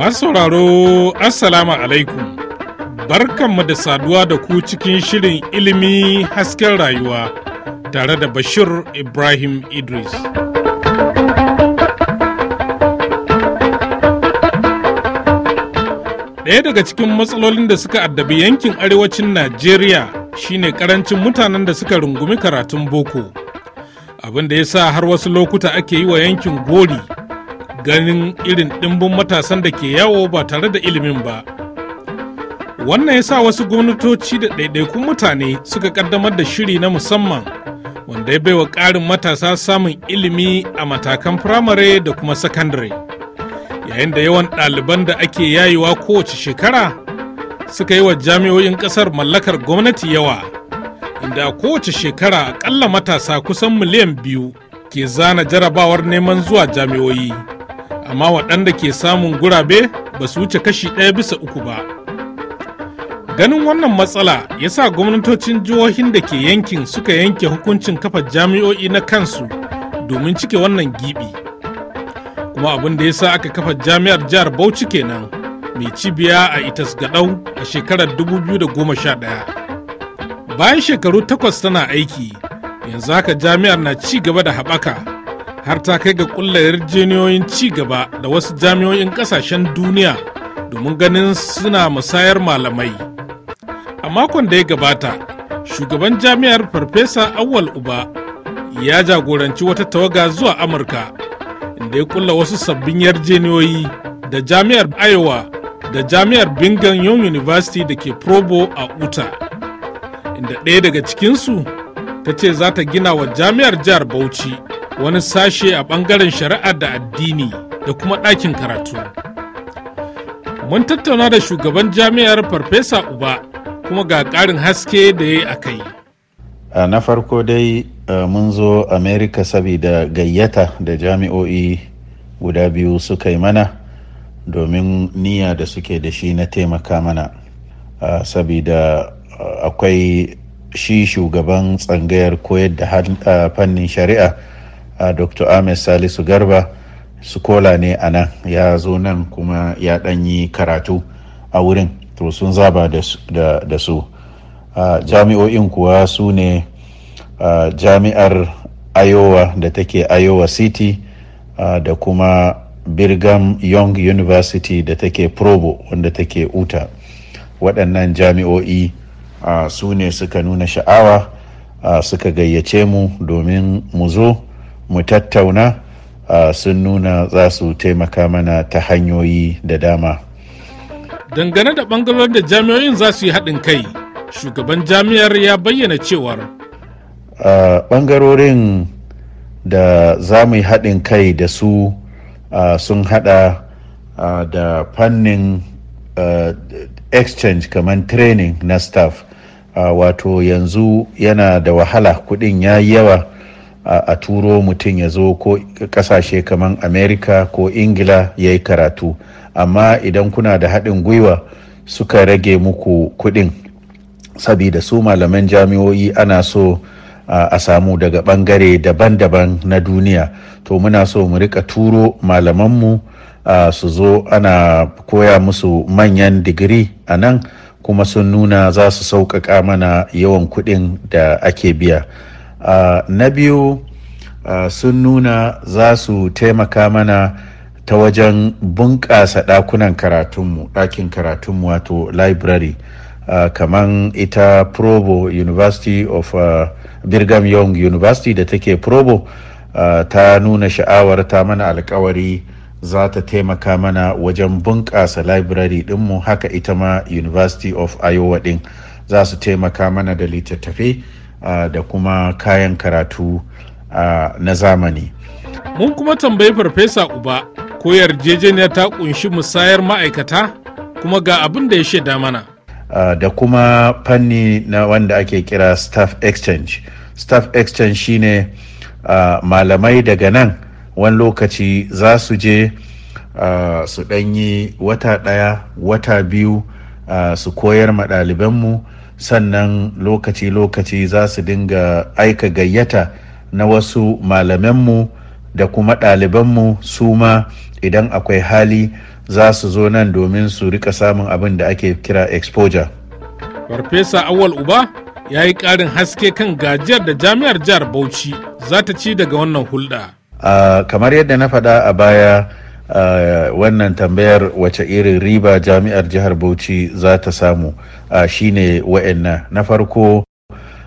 Masu sauraro Assalamu alaikum barkanmu da saduwa da ku cikin shirin ilimi hasken rayuwa tare da Bashir Ibrahim Idris. Ɗaya daga cikin matsalolin da suka addabi yankin arewacin Najeriya shine karancin mutanen da suka rungumi karatun boko. abin da ya sa har wasu lokuta ake yi wa yankin gori ganin irin ɗimbin matasan da ke yawo ba tare da ilimin ba wannan ya sa wasu gwamnatoci da ɗaiɗaikun mutane suka ƙaddamar da shiri na musamman wanda ya baiwa ƙarin matasa samun ilimi a matakan firamare da kuma sakandare yayin da yawan ɗaliban da ake yayewa kowace shekara suka yi wa jami'o'in ƙasar mallakar gwamnati yawa inda kowace shekara akalla matasa kusan miliyan biyu ke zana jarabawar neman zuwa jami'oyi amma waɗanda ke samun gurabe ba su wuce kashi ɗaya bisa uku ba ganin wannan matsala ya sa gwamnatocin jihohin da ke yankin suka yanke hukuncin kafa jami'o'i na kansu domin cike wannan gibi kuma abin da ya sa aka kafa jami'ar jihar bauchi kenan mai cibiya a itas gadau a shekarar 2011 bayan shekaru takwas tana aiki yanzu haka jami'ar na ci gaba da haɓaka har ta kai ga ƙulla yarjejeniyoyin ci gaba da wasu jami'o'in ƙasashen duniya domin ganin suna musayar malamai a makon da ya gabata shugaban jami'ar farfesa awal uba ya jagoranci wata tawaga zuwa amurka inda ya ƙulla wasu sabbin yarjejeniyoyi da jami'ar iowa da jami'ar bingham young university da ke probo a utah inda ɗaya daga cikinsu ta ce za ta gina wa jami'ar jihar Bauchi wani sashe a ɓangaren shari'a da addini da kuma ɗakin karatu. Mun tattauna da shugaban jami'ar Farfesa Uba kuma ga ƙarin haske da ya yi a kai. Na farko dai mun zo Amerika saboda gayyata da jami'o'i guda biyu suka yi mana domin niyya da suke da shi na taimaka mana. Uh, akwai shi shugaban tsangayar koyar da fannin shari'a dr ahmed salisu garba sukola ne a nan ya zo nan kuma ya yi karatu a wurin to sun zaba da su jami'o'in kuwa su ne jami'ar iowa da take iowa city da kuma Birgam young university da take provo wanda take uta waɗannan jami'o'i su ne suka nuna sha'awa suka gayyace mu domin mu zo mu tattauna sun nuna za su taimaka mana ta hanyoyi da dama dangane da bangaren da jami'oyin za su yi haɗin kai shugaban jami'ar ya bayyana cewar bangarorin da za mu yi haɗin kai da su sun haɗa da fannin exchange kamar training na staff wato yanzu yana da wahala kuɗin ya yi yawa a turo mutum ya zo ko kasashe kamar amerika ko ingila ya yi karatu amma idan kuna da haɗin gwiwa suka rage muku kuɗin sabida su malaman jami'o'i ana so a samu daga bangare daban-daban na duniya to muna so mu rika turo malamanmu su zo ana koya musu manyan digiri a nan kuma sun nuna za su sauƙaƙa mana yawan kuɗin da ake biya ah, na biyu ah, sun nuna za su taimaka mana ta wajen bunƙasa ɗakunan karatunmu ɗakin karatunmu wato library ah, kamar ita provo university of uh, birgham young university da take provo ta nuna sha'awar ta mana alkawari za ta taimaka mana wajen bunƙasa library ɗinmu haka ita ma university of iowa ɗin za su taimaka mana da littattafai da kuma kayan karatu na zamani mun kuma tambayi farfesa uba ko yarjejeniyar ta kunshi musayar ma'aikata kuma ga abin da ya shaida mana da kuma fanni na wanda ake kira staff exchange staff exchange shine malamai daga nan wani lokaci za su je su ɗanyi wata ɗaya wata biyu su koyar ma ɗalibanmu sannan lokaci-lokaci za su dinga aika gayyata na wasu malamanmu da kuma ɗalibanmu su ma idan akwai hali za su zo nan domin su rika samun abin da ake kira exposure. farfesa awal uba ya yi ƙarin haske kan gajiyar da jami'ar jihar bauchi za ta ci daga wannan hulɗa. kamar yadda na faɗa a baya wannan tambayar wace irin riba jami'ar jihar bauchi za ta samu shine wa'inna na farko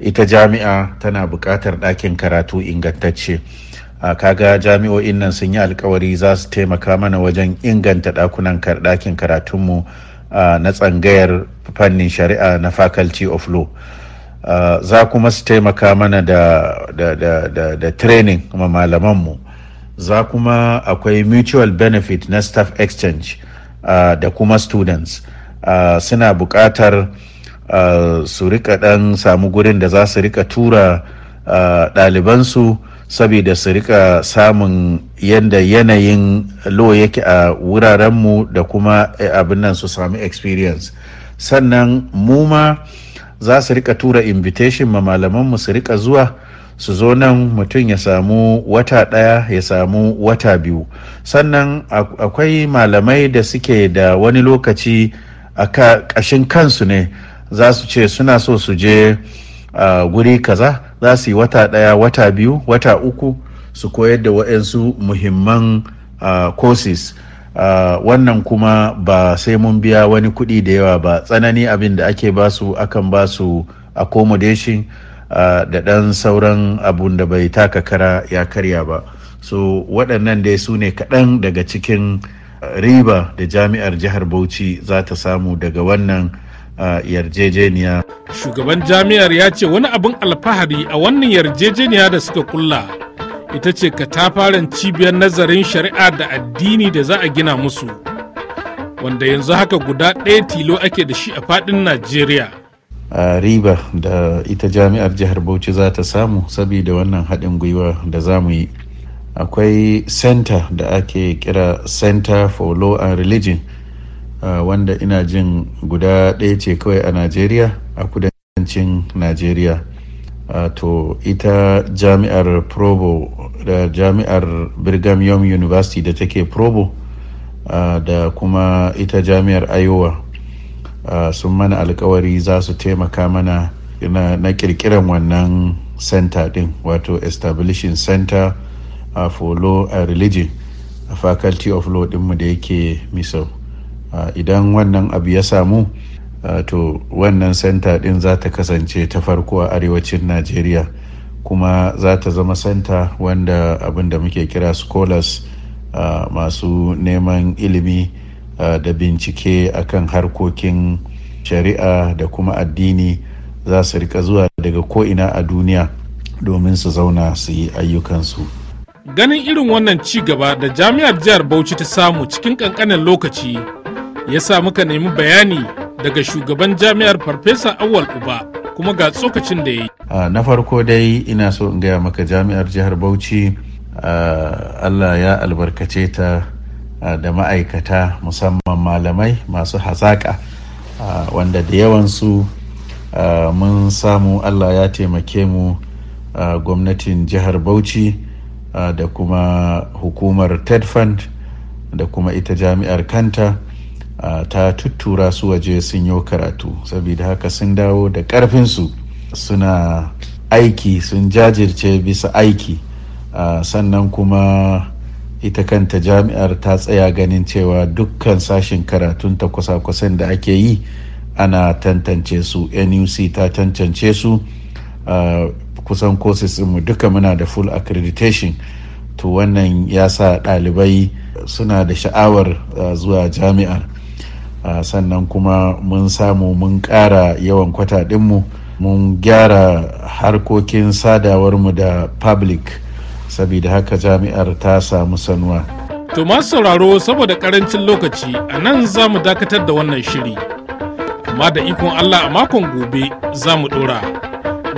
ita jami'a tana buƙatar ɗakin karatu ingantacce a kaga jami'o'in nan sun yi alkawari za su taimaka mana wajen inganta ɗakunan ɗakin karatunmu na tsangayar fannin shari'a na faculty of law Ah, za kuma su taimaka mana da, da, da, da, da training kuma malamanmu za kuma akwai mutual benefit na staff exchange uh, da kuma students uh, suna buƙatar uh, su rika ɗan samu gurin da za su rika tura ɗalibansu saboda su rika samun yadda yanayin lo yake a wurarenmu da kuma eh, abin nan su sami experience sannan mu ma za su rika tura invitation ma malaman mu su rika zuwa su zo nan mutum ya samu wata ɗaya ya samu wata biyu sannan akwai malamai da suke da wani lokaci a ƙashin kansu ne za su ce suna so su je guri kaza za su yi wata ɗaya wata biyu wata uku su koyar da waɗansu muhimman courses uh, wannan kuma ba sai mun biya wani kuɗi da yawa ba tsanani abin da ake basu akan basu accommodation uh, da ɗan sauran abun da bai taka kara ya karya ba so waɗannan dai su ne kaɗan daga cikin ah, riba da jami'ar jihar bauchi za ta samu daga wannan Uh, yarjejeniya. Shugaban jami'ar ya ce wani abin alfahari a wannan yarjejeniya da suka kulla ita ce katafaren cibiyar nazarin shari'a da addini da za a gina musu wanda yanzu haka guda ɗaya tilo ake da shi a faɗin najeriya a riba da ita jami'ar jihar bauchi za ta samu saboda wannan haɗin gwiwa da za mu yi akwai center da ake kira center for law and religion wanda ina jin guda ɗaya ce kawai a najeriya a kudancin najeriya Ah, to ita jami'ar provo da jami'ar brigham young university da take provo ah, da kuma ita jami'ar iowa ah, sun mana alkawari za su taimaka mana na kirkiran wannan center din wato establishing center for law and religion faculty of law dinmu da yake misau idan wannan abu ya samu Ah, to wannan senta din za ta kasance ta farko a arewacin najeriya kuma za ta zama senta wanda abin da muke kira scholars uh, masu neman ilimi uh, da bincike akan harkokin shari'a da kuma addini za su rika zuwa daga ko'ina a duniya domin su zauna su yi ayyukansu ganin irin wannan ci gaba da jami'ar jihar bauchi ta samu cikin kankanin lokaci ya sa muka nemi bayani daga shugaban jami'ar farfesa awal uba kuma ga tsokacin da ya yi na farko dai ina so in gaya maka jami'ar jihar bauchi allah ya albarkace ta da ma'aikata musamman malamai masu hazaƙa wanda da yawansu mun samu allah ya taimake mu gwamnatin jihar bauchi da kuma hukumar ted fund da kuma ita jami'ar kanta ta tuttura su waje sun yi karatu saboda haka sun dawo da ƙarfinsu suna aiki sun jajirce bisa aiki sannan kuma ita kanta jami'ar ta tsaya ganin cewa dukkan sashen karatun ta kusa-kusan da ake yi ana tantance su nuc ta tantance su kusan courses mu duka muna da full accreditation to wannan ya sa ɗalibai suna da sha'awar zuwa jami'ar sannan kuma mun samu mun ƙara yawan kwata mun gyara harkokin sadawarmu da public saboda haka jami'ar ta samu sanuwa to masu sauraro saboda karancin lokaci a nan za mu dakatar da wannan shiri amma da ikon allah a makon gobe za mu ɗora.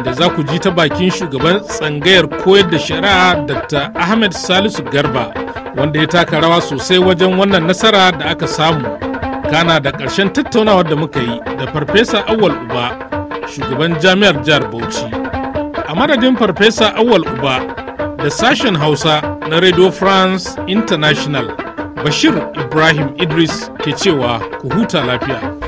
da za ku ji ta bakin shugaban tsangayar koyar da shari'a dr ahmed salisu garba wanda ya taka rawa sosai wajen wannan nasara da aka samu gana da ƙarshen tattaunawar da muka yi da farfesa awal uba shugaban jami'ar jihar bauchi a madadin farfesa awal uba da sashen hausa na radio france international bashir ibrahim idris ke cewa ku huta lafiya